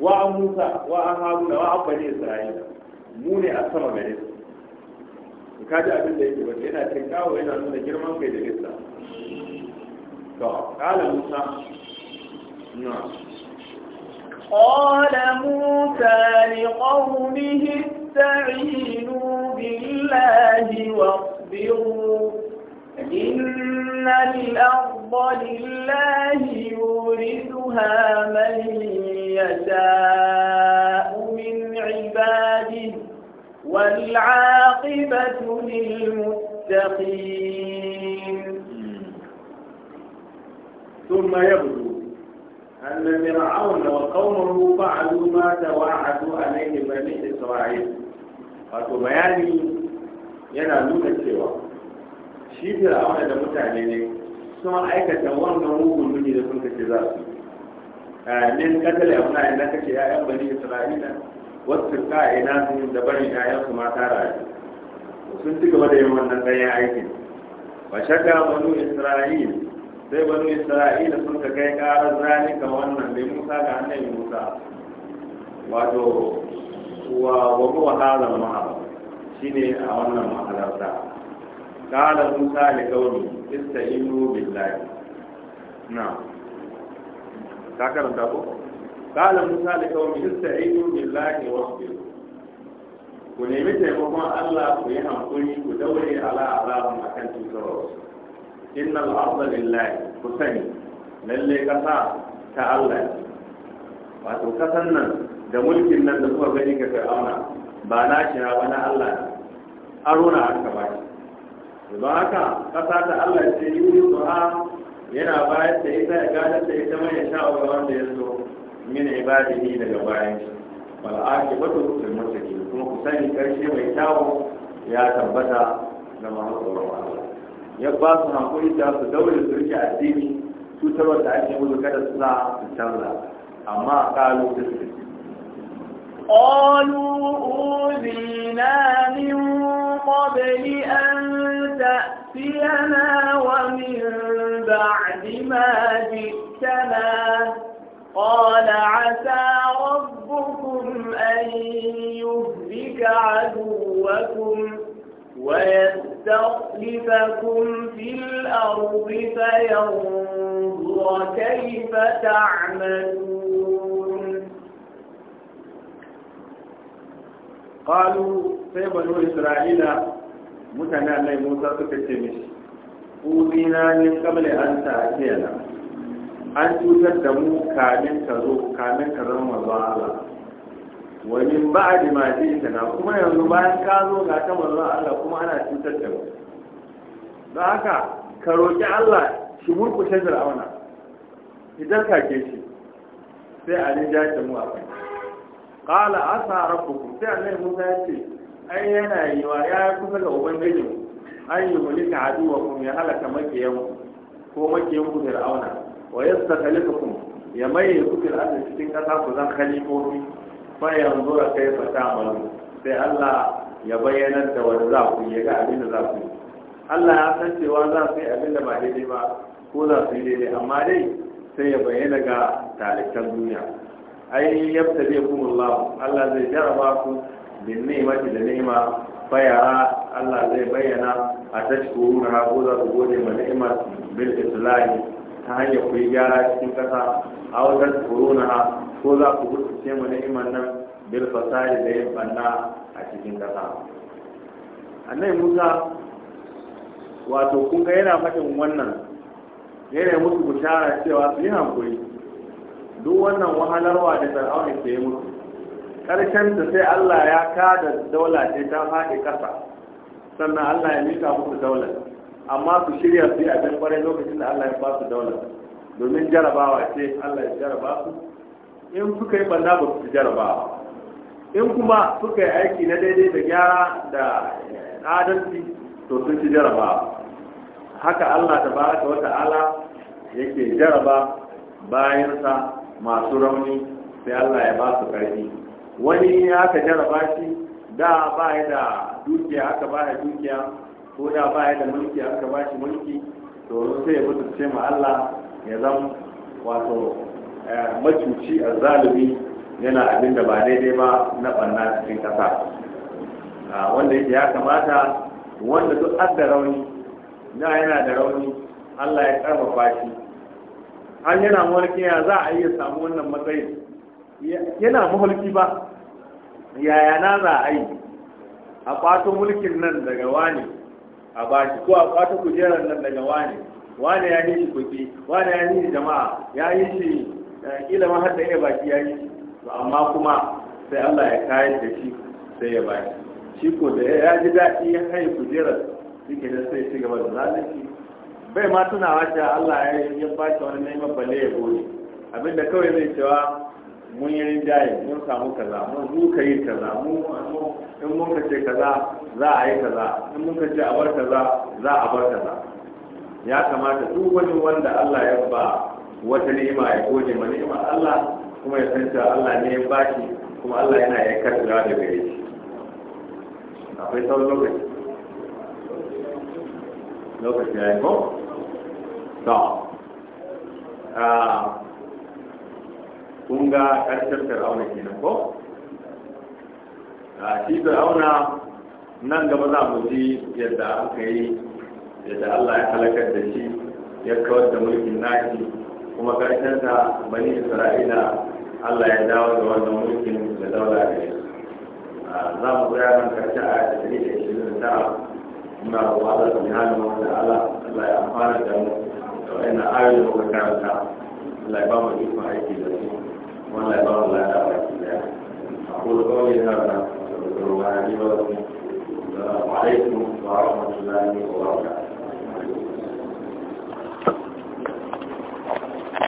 wa an musa wa an haruna wa an bani isra'ila mu ne a sama gare su to kaji abin da yake wanda yana cin kawo yana nuna girman kai da nisa to kala musa na قال موسى لقومه استعينوا بالله واصبروا إن الأرض لله يورثها من يشاء من عباده والعاقبة للمتقين ثم يبدو أن فرعون وقومه فعلوا ما توعدوا عليه بني إسرائيل wato bayani yana nuna cewa shi fir'auna da mutane ne sun aikata wannan mugun nuni da sun kace za su min katal ya muna inda kace ya'yan bani isra'ila wasu ka ina sun da barin ƴaƴansu mata rayu sun ci gaba da yin wannan ɗanyen aikin ba shakka wani isra'il sai wani isra'il sun ka kai ƙarar ga wannan da musa ga annabi musa wato wa wa huwa hadha shi ne a wannan mahalarta قال موسى لقومه استعينوا Na. Ta karanta ko? qala musa li qaumi ista'inu billahi wasbiru ku nemi taimakon Allah ku yi hankuri ku daure ala azabin akan cutarwa innal arda lillahi ku sani lalle kasa ta Allah wato kasan nan da mulkin nan da kuka gani ga fir'auna ba na shi ba na Allah aro na aka ba shi don haka kasa ta Allah ce yi du'a yana bayar da ita ya gadar da ita mai sha'awa wanda ya so من عباده إلى جوائز والعاقبة للمتقين كما كسان كرشي ويتاو يا تبتا لما هو الله يقباس ما قول إتاو دول الدرجة الديني تتروى تعيش يقولوا كذا صلاة تتولى أما قالوا تسكت قالوا أوذينا من قبل أن تأتينا ومن بعد ما جئتنا قال عسى ربكم أن يهلك عدوكم ويستخلفكم في الأرض فينظر كيف تعملون قالوا بنو إسرائيل متنا موسى تكتمش أوذينا من قبل أن تأتينا an cutar da mu kamin ka zo kamin ka zama manzo Allah wa min ba'di ma ji'ta na kuma yanzu bayan ka zo ga ta manzo Allah kuma ana cutar da mu don haka ka roƙi Allah shi murkushe Fir'auna idan ka ke shi sai a rinja ta mu a kai a tsara kuku sai Allah Musa ya ce ai yana wa ya kusa ga ubangijinku an yi mulika aduwa kuma ya halaka makiyan ko makiyan ku auna. wa yasta khalifakum ya maye kuke da cikin kasa ku zan khalifofi fa yanzu ra kai fa malu. sai Allah ya bayyana da wani za ku yi ga abin da za ku yi Allah ya san cewa za su yi abin da ba daidai ba ko za su yi daidai amma dai sai ya bayyana ga talikan duniya ai yabta zai kuma Allah Allah zai jaraba ku bin ni'imati da nima fayara Allah zai bayyana a tashkuruna ko za su gode ma ni'imar bil islahi ta hanyar ku gyara cikin kasa a wajen na ko za ku ce mu ni'imar nan bil fasari da yin banna a cikin ƙasa annabi musa wato kun ga yana faɗin wannan yana musu bishara cewa su yi hankuri duk wannan wahalarwa da tsar'aunin ke yi musu ƙarshen ta sai allah ya kada daula ce ta faɗi ƙasa sannan allah ya mika musu daular amma su shirya su yi abin kwarai lokacin da Allah ya ba su daula domin jarabawa ce Allah ya jaraba su in suka yi banna ba su jaraba in kuma suka yi aiki na daidai da gyara da adalci to sun ci jaraba haka Allah ta baraka wata Ala yake jaraba bayan sa masu rauni sai Allah ya ba su karfi wani ka jaraba shi da ba da dukiya aka ba dukiya ko da baya da mulki aka ba shi mulki domin sai ya mutu ce ma Allah ya zama wato eh, macuci a zalimi yana abin da ba daidai ba na banna cikin kasa ah, wanda yake ya kamata wanda duk adda rauni na yana da rauni Allah ya karfafa shi an yana mulki ya za a iya samu wannan matsayin yana mulki ba yaya na za a yi a kwato mulkin nan daga wani a bashi ko a kwata kujerar nan daga wane. Wane ya yi shi kuɗi wane ya yi shi jama'a ya yi shi eh, ma har da iya baki ya yi shi amma kuma sai Allah ya kayar da shi sai ya baki. shi ko da ya ji daɗi ya kai kujerar shi ke da sai shi gaba da zalunci bai ma tunawa cewa Allah ya ba shi wani neman bale ya gode abinda kawai zai cewa mun yi rinjaye mun samu kaza mun ka yi kaza mun in mun ka ce kaza za a yi kaza in mun ka ce a bar kaza za a bar kaza ya kamata duk wani wanda Allah ya ba wata ni'ima ya gode ma ni'ima Allah kuma ya san cewa Allah ne ya baki kuma Allah yana ya karɓa da gare shi akwai sauran lokaci lokaci ya yi ko ah, kun ga ƙarshen fir'auna kenan ko a shi fir'auna nan gaba za mu ji yadda aka yi yadda Allah ya halakar da shi ya kawar da mulkin nashi kuma ƙarshen ta bani isra'ila Allah ya dawo da wannan mulkin da daula da shi za mu tsaya nan karshe a ɗari da ishirin da tara muna roƙon Allah subhanahu wa ta'ala Allah ya amfana da mu da wa'annan ayoyin da karanta Allah ya ba mu ikon aiki da su wanda ya ba mu lada baki daya أقول قولي هذا وأستغفر الله لي ولكم السلام عليكم ورحمة الله وبركاته